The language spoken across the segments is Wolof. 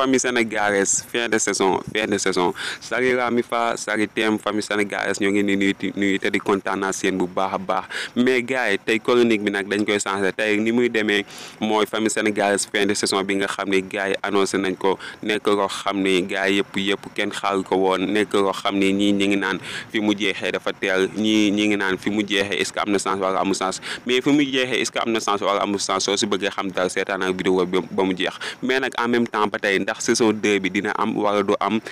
famille sénégalaise fin de saison fin de saison sari Rami Fa sari Thiem famille sénégalaise ñoo ngi ni nuyu nuyu te di seen bu baax a baax mais gars yi tey chronique bi nag dañ koy changé tey ni muy demee mooy famille sénégalaise fin de saison bi nga xam ne gars yi nañ ko nekk loo xam ni gars yëpp yëpp kenn xaar ko woon nekk loo xam ni ñi ngi naan fi mu jeexee dafa teel ñi ngi naan fi mu jeexee est-ce que am na sens wala amul sens mais fi mu jeexee est-ce am na sens wala amul sens soo si bëggee xam dara seetaan ak ba mu jeex mais nag en temps ba tey ndax saison 2 bi dina am wala du am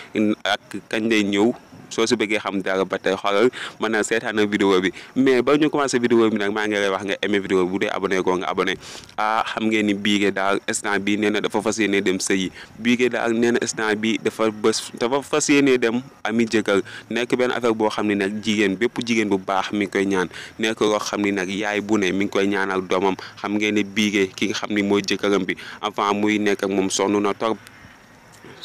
ak kañ lay ñëw soo si bëggee xam dara ba tey xoolal mën na seetaana vidéo bi mais ba ñu commencé vidéo bi nag maa ngi lay wax nga aimé vidéo bu dee abonné ko nga abonné ah, xam ngeen ni Biigué daal instant bi nee na dafa fas yéene dem sëyi Biigué daal nee na instant bi dafa bës dafa fas yéene dem ami jëkkër nekk benn affaire boo xam ne nag jigéen bépp jigéen bu baax mi ngi koy ñaan nekk loo xam ne nag yaay bu ne mi ngi koy ñaanal doomam xam ngeen ne Biigué ki nga xam ni mooy jëkkëram bi avant muy nekk ak moom sonn na torop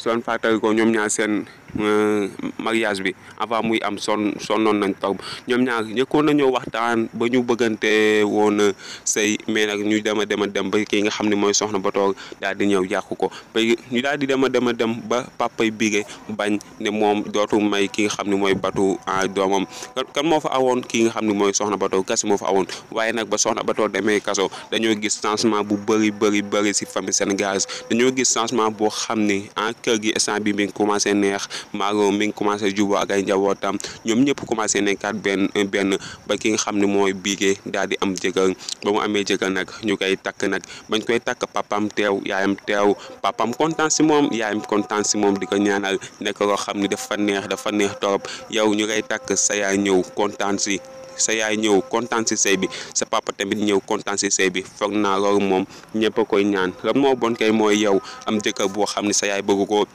su fàttali ko ñoom ñaar seen Euh, mariage bi avant muy am son sonnoon nañ torop ñoom ñaar ñëkkoon nañoo waxtaan ba ñu bëggante woon sëy mais nag ñu dem a dem a dem ba ki nga xam ne mooy soxna ba toog ñëw yàqu ko ba ñu daal di dem a dem a dem ba papay bigé bañ ne moom dootu may ki nga xam ne mooy batu a ah, doomam kan moo fa awoon ki nga xam ne mooy soxna ba toog kasi moo a awoon waaye nag ba soxna ba toog demee kaso dañoo gis changement bu bëri bëri bëri si famille sénégalaise dañoo gis changement boo xam ni en ah, kër gi instant bi mi ngi commencé neex maago mi ngi commencé juboo ak ay njabootam ñoom ñëpp commencé nekkaat benn benn ba ki nga xam ne mooy biigee daal di am jëkkër ba mu amee jëkkër nag ñu koy takk nag bañ koy takk papam teew yaayam teew papam kontaan si moom yaayam kontaan si moom di ko ñaanal nekk loo xam ne dafa neex dafa neex torop yow ñu koy takk sa yaay ñëw kontaan si sa yaay ñëw kontaan si sëy bi sa papa tamit ñëw kontaan si sëy bi foog naa loolu moom ñëpp koy ñaan lan moo bon kay mooy yow am jëkkër boo xam ne sa yaay bëgg ko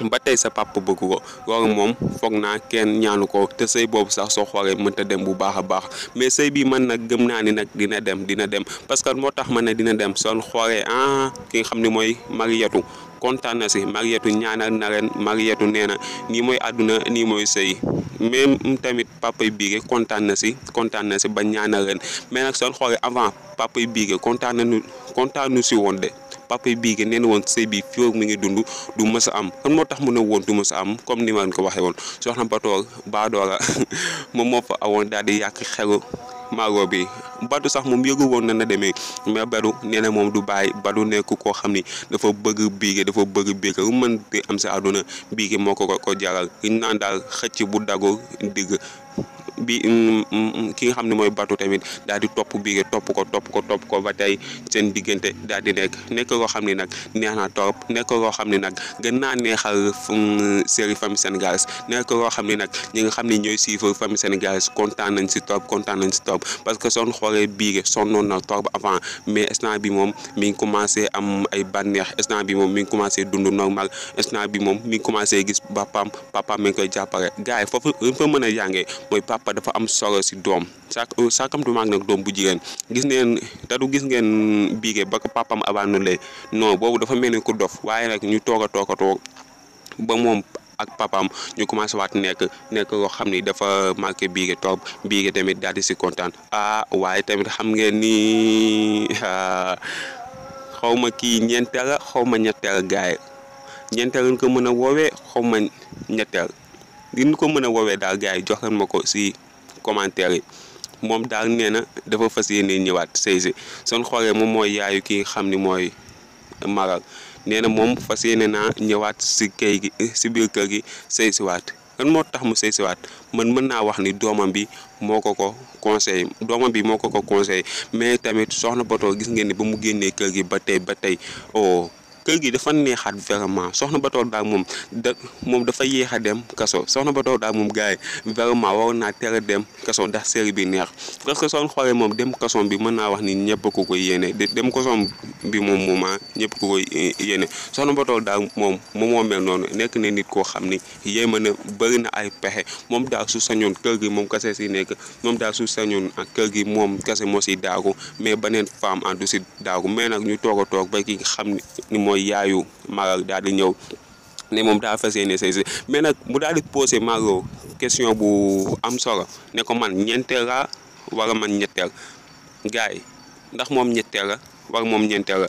ba tey sa papa bëgg ko loolu moom foog naa kenn ñaanu ko te sëy boobu sax soo xoolee mënta dem bu baax a baax mais sëy bi man na gëm naa ni nag dina dem dina dem parce que moo tax ma na dina dem son xoolee ah ki nga xam ne mooy Mariétou kontaan na si Mariétou ñaanal na ren Mariétou nee na nii mooy àdduna nii mooy sëy même tamit papay biige kontaan na si kontaan na si ba ñaanal ren mais nag son xoolee avant papay biige kontaan nañu kontaan nu si woon de papa yi bii nee na woon sëy bi fii mu ngi dund du mës a am kon moo tax mu ne woon du mës a am comme ni ma leen ko waxee woon soxna Batoor Baadoora moom moo fa awoon daal di yàq xelu maagoo bi Badou sax moom yëgu woon na na demee mais baru nee moom du bàyyi Badou nekk koo xam ni dafa bëgg biige dafa bëgg biige lu mën di am sa àdduna biige moo ko ko jaral naan daal xëcc bu daggu digg bi mm, mm, ki nga xam ne mooy batu tamit daal di topp biige topp ko topp ko topp ko ba tey seen diggante daal di nekk nekk koo xam ne nag neex na torop nekk koo xam ne nag gën naa neexal mm, série famille sénégalaise nekk koo xam ne nag ñi nga xam ne ñooy suivre famille sénégalaise kontaan nañ si torop kontaan nañ si torop parce que son xoolee biige sonnoon na torop avant mais instant bi moom mi ngi commencé am ay bànneex instant bi moom mi ngi commencé dund normal instant bi moom mi ngi commencé gis papaam papaam mi ngi koy jàppale gars yi foofu mën a jàngee papa dafa am solo si doom sàkk sàkkamtu maag nag doom bu jigéen gis ngeen tadu gis ngeen biige ba ko papam abandonné non boobu dafa mel ni ku dof waaye nag ñu toog a toog ba moom ak papam ñu commencé waat nekk nekk loo xam ne dafa marqué biige toog biige tamit daal di si kontaan ah waaye tamit xam ngeen nii ah, xaw ma kii ñeenteel xaw ma ñetteel gaay ñeenteel ko mën a woowee xaw ma ñetteel ngir ko mën a woowee daal gars yi jox joxal ma ko si commentaire yi moom daal nee na dafa fas yéene ñëwaat sëy si son xoolee moom mooy yaayu kii nga xam ni mooy maral nee na moom fas yéene naa ñëwaat si kay gi si biir kër gi sëy siwaat kan moo tax mu sëy siwaat man mën naa wax ni doomam bi moo ko ko conseil doomam bi moo ko ko conseillé mais tamit soxna Bator gis ngeen ni ba mu génnee kër gi ba tey ba tey o oh, kër gi dafa neexaat vraiment soxna Batoor daal moom moom dafa yéex a dem kaso soxna Batoor daal moom gars yi vraiment waroon naa teel dem kaso ndax série bi neex parce que soo xoolee moom dem kaso bi mën naa wax ni ñëpp ku ko yéene dem kaso bi moom moom ah ñëpp ku ko yéene soxna Batoor daal moom moom moo mel noonu nekk na nit koo xam ni yéema na bëri na ay pexe moom daal su sañu kër gi moom kase si nekk moom daal su sañoon ak kër gi moom kase moo si daagu mais beneen femme ah du si daagu mais nag ñu toog a toog ba ki xam ni mooy yaayu Mara daal di ñëw ne moom daa fas yéene say mais nag mu daal di posé Maro question bu am solo ne ko man ñeenteel la wala man ñetteel gars yi ndax moom ñetteel la wala moom ñeenteel la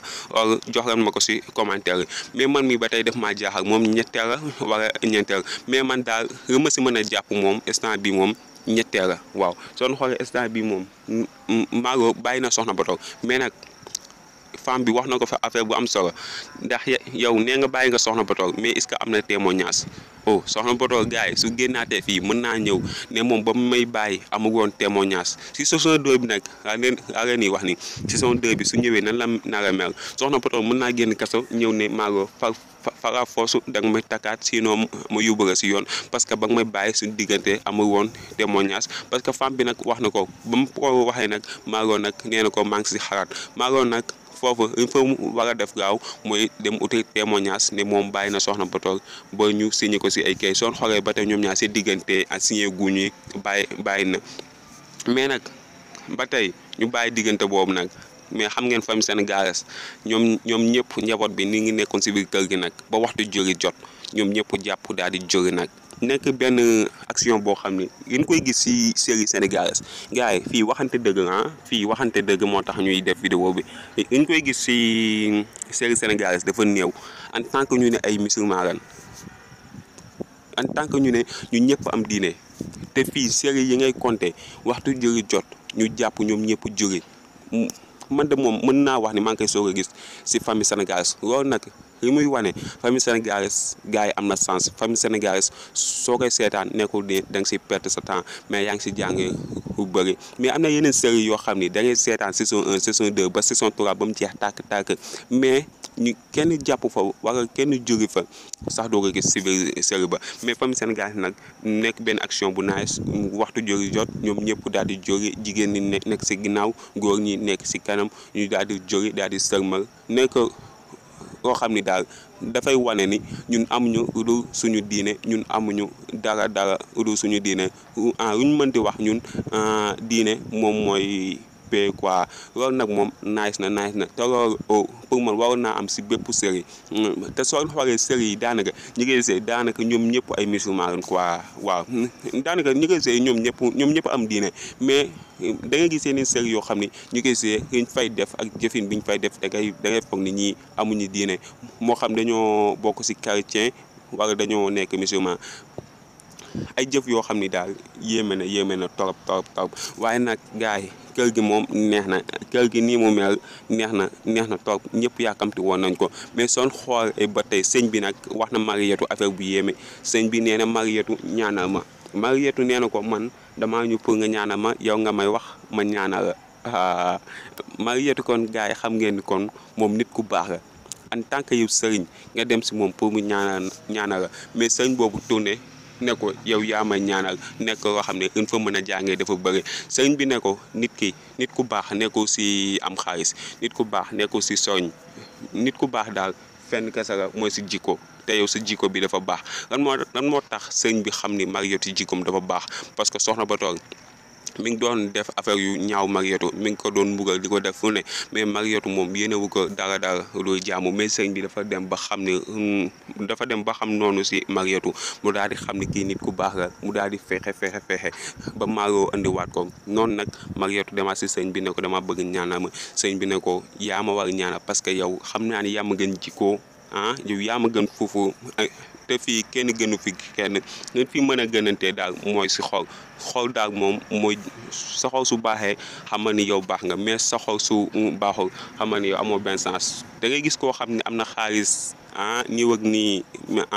jox leen ma ko si commentaire mais man mi ba tey def maa jaaxal moom ñetteel la wala ñeenteel mais man daal li ma si mën a jàpp moom instant bi moom ñetteel la waaw soo xoolee instant bi moom Maro bàyyi na soxna ba toog femme bi wax na ko fa affaire bu am solo ndax yow nee nga bàyyi nga soxna ba toog mais est-ce que am na témoignage oh soxna Botor gars yi su génnaatee fii mën naa ñëw ne moom ba mu may bàyyi amul woon témoignage si saison 2 bi nag laa leen laa leen wax ni saison bi su ñëwee nan la nar a mel soxna Botor mën naa génn kaso ñëw ne Maodo fa fara foosu da nga may takkaat sinon ma yóbbu la si yoon parce que ba nga may bàyyi suñu diggante amul woon témoignage parce que femme bi nag wax na ko ba mu ko waxee nag Maodo nag nee na ko maa si xalaat Maodo nag. foofu il faut mu war def gaaw mooy dem uti témoignage ni moom bàyyi na soxna ba toog ba ñu signé ko si ay kay soon xoolee ba tey ñoom ñaar si diggante ak signé guñu bàyyi bàyyi na mais nag ba tey ñu bàyyi diggante boobu nag mais xam ngeen famille seen gaares ñoom ñoom ñëpp njaboot bi ni ngi nekkoon si biir kër gi nag ba waxtu jóri jot ñoom ñëpp jàpp daal di jóri nag nekk benn action boo xam ni ngeen koy gis ci série sénégalaise gars yi fii waxante dëgg ah fii waxante dëgg moo tax ñuy def vidéo bi ngeen koy gis ci série sénégalaise dafa néew en tant que ñu ne ay musulman lan en tant que ñu ne ñu ñëpp am diine te fii yi ngay compter waxtu jëri jot ñu jàpp ñoom ñëpp jëri man de moom mën naa wax ni maa ngi koy soog a gis ci famille sénégalaise loolu nag yi muy wane famille sénégalaise gars yi am na sens famille sénégalaise soo koy seetaan nekkul ni da si perte sa temps mais yaa ngi si jàng bu bëri mais am na yeneen série yoo xam ni dangay seetaan saison 1 saison 2 ba saison 3 ba mu jeex tàkk tàkk mais ñu kenn jàpp fa wala kenn jóge fa sax doo ko gis si biir série ba mais famille sénégalaise nag nekk benn action bu nice waxtu jóge jot ñoom ñëpp daal di jóge jigéen ñi nekk si ginnaaw góor ñi nekk si kanam ñu daal di jóge daal di sërmal nekk koo xam ni daal dafay wane ni ñun amuñu lu suñu diine ñun amuñu dara dara lu suñu diine en ñu mënti wax ñun diine moom mooy pay quoi loolu nag moom nice na nice na te loolu oh, pour man waroon naa am si bépp série mm, te soo xoolee série yi daanaka ñi koy daanaka ñoom ñëpp ay musulman lañ quoi waaw mm, daanaka ñi koy see ñoom ñëpp ñoom ñëpp am diine mais da nga gisee ni série yoo xam ne ñu koy see fay def ak jëfin bi ñu fay def da ngay da foog ni ñii amuñu diine moo xam dañoo bokk si chrétien wala dañoo nekk musulman ay jëf yoo xam ni daal yéeme na yéeme na torop torop torop waaye nag gars yi kër gi moom neex na kër gi nii moom mel neex na neex na torop ñëpp yaakamti woon nañ ko mais soon xool eh, ba tey sëñ bi nag wax na Marietou affaire bu yéeme sëñ bi nee na Marietou ñaanal ma Marietou nee na ko man dama ñu pour nga ñaanal ma yow nga may wax ma ñaanal la ah kon gars yi xam ngeen ni kon moom nit ku baax la en tant que yow sëriñ nga dem si moom pour mu ñaanal ñaanal la mais sëriñ boobu tourné ne ko yow yaa ma ñaanal nekk koo xam ne une fa mën a jàngee dafa bëri sëriñ bi ne nit ki nit ku baax nekkul si am xaalis nit ku baax nekkul si soñ nit ku baax daal fenn kese la mooy si jikko te yow si jikko bi dafa baax lan moo lan moo tax sëriñ bi xam ni mag Marietou jikkoom dafa baax parce que soxna ba toog mi ngi doon def affaire yu ñaaw Marietou mi ngi ko doon mbugal di ko def fu ne mais Marietou moom yéenewu ko dala dara loolu jaamu mais sëñ bi dafa dem ba xam ne hmm, dafa dem ba xam noonu si Marietou mu daal di xam ni kii nit ku baax la mu daal di fexe fexe fexe ba Mario indiwaat ko noonu nag Marietou demaat si sëñ bi ne ko dama bëgg ñaanal ma sëñ bi ne ko yaa ma war ñaanal parce que yow xam naa ne yaa ma gën jikkoo ah yow yaa gën foofu te fii kenn gënu fi kenn nit fi mën a gënantee daal mooy si xol xol daal moom mooy sa xol su baaxee xamal ni yow baax nga mais sa xol su baaxul xamal ni yow amoo benn sens da ngay gis koo xam ne am na xaalis ah nii wëg nii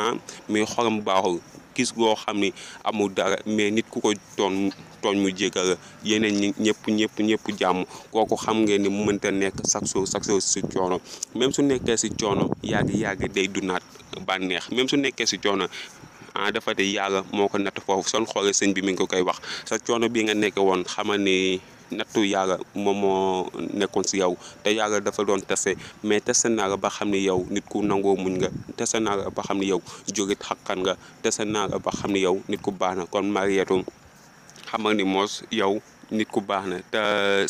ah mais xolam baaxul gis goo xam ni amul dara mais nit ku ko doon tooñ mu jégal yeneen ñi ñëpp ñëpp ñëpp jàmm kooku xam ngeen ni mu mënta nekk chaque jour chaque jour si coono même su nekkee si coono yàgg yàgg day naat bànneex même su nekkee si coono. ah dafa de yàlla moo ko natt foofu son xoolee sëñ bi mi ngi ko koy wax sa coono bi nga nekk woon xamal ni nattu yàlla moom moo nekkoon si yow te yàlla dafa doon tese mais tese naa la ba xam ni yow nit ku nangoo muñ nga tese naa la ba xam ne yow jógit xakkan nga tese naa la ba xam ne yow nit ku baax na kon marietu xamal ni mos yow nit ku baax na te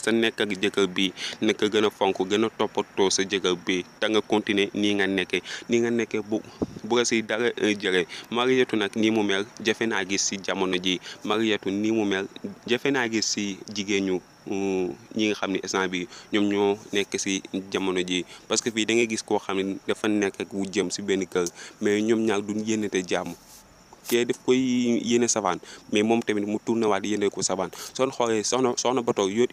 sa nekk ak jëkkër bi nekk gën a fonk gën a toppatoo sa jëkkër bi te nga continuer nii nga nekkee nii nga nekkee bu bu la si dara euh, jëre Mariétou nag nii mu mel jafe naa gis si jamono ji Mariétou nii mu jafe naa gis si jigéen ñu euh, ñi nga xam ni instant bi ñoom ñoo nekk si jamono ji parce que fii da ngay gis koo xam ne dafa nekk ak jëm si benn kër mais ñoom ñaar du duñ yénnate jàmm kee def koy yéene savane mais moom tamit mu tourné waat yéene ko savane soo xoolee soxna soxna Bato yo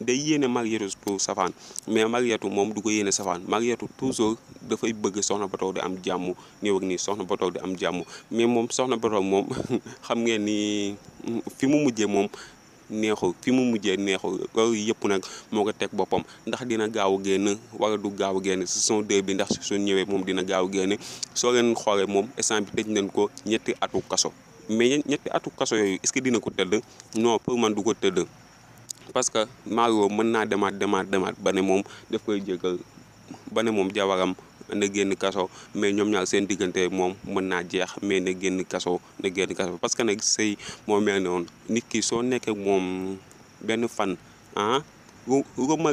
day yéene Mariétou savane mais Mariétou moom du ko yéene savane Mariétou toujours dafay bëgg soxna boto di am jàmm néew ak nii soxna boto di am jàmm mais moom soxna boto moom xam ngeen ni fi mu mujjee moom neexu fi mu mujjee neexu loolu yëpp nag moo ko teg boppam ndax dina gaaw a génn wala du gaaw a génn soo dee bi ndax su ñëwee moom dina gaaw a génn soo leen xoolee moom instant bi tëj nañ ko ñetti atu kaso mais ñetti atu kaso yooyu est-ce que dina ko tëdd noo pour man du ko tëdd parce que Mario mën naa demaat demaat demaat ba ne moom daf koy jégal ba ne moom jawaram na génn kaso mais ñoom ñaar seen diggante moom mën naa jeex mais na génn kaso na génn kaso parce que nag sëy moo mel noonu nit ki soo nekkee moom benn fan ah roma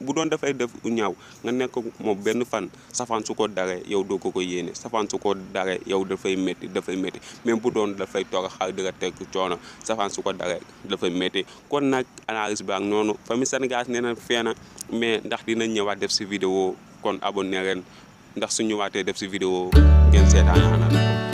bu doon dafay def ñaaw nga nekk moom benn fan safaan su ko daree yow doo ko ko yéene safaan su ko daree yow dafay métti dafay métti mais bu doon dafay toog xaar di la teg coono safaan su ko daree dafay métti kon nag analyse baa noonu famille Sénégal nee na mais ndax dina ñëwaat def si vidéo kon abonné ren ndax suñu ñëwaatee def si vidéo ngeen seetaan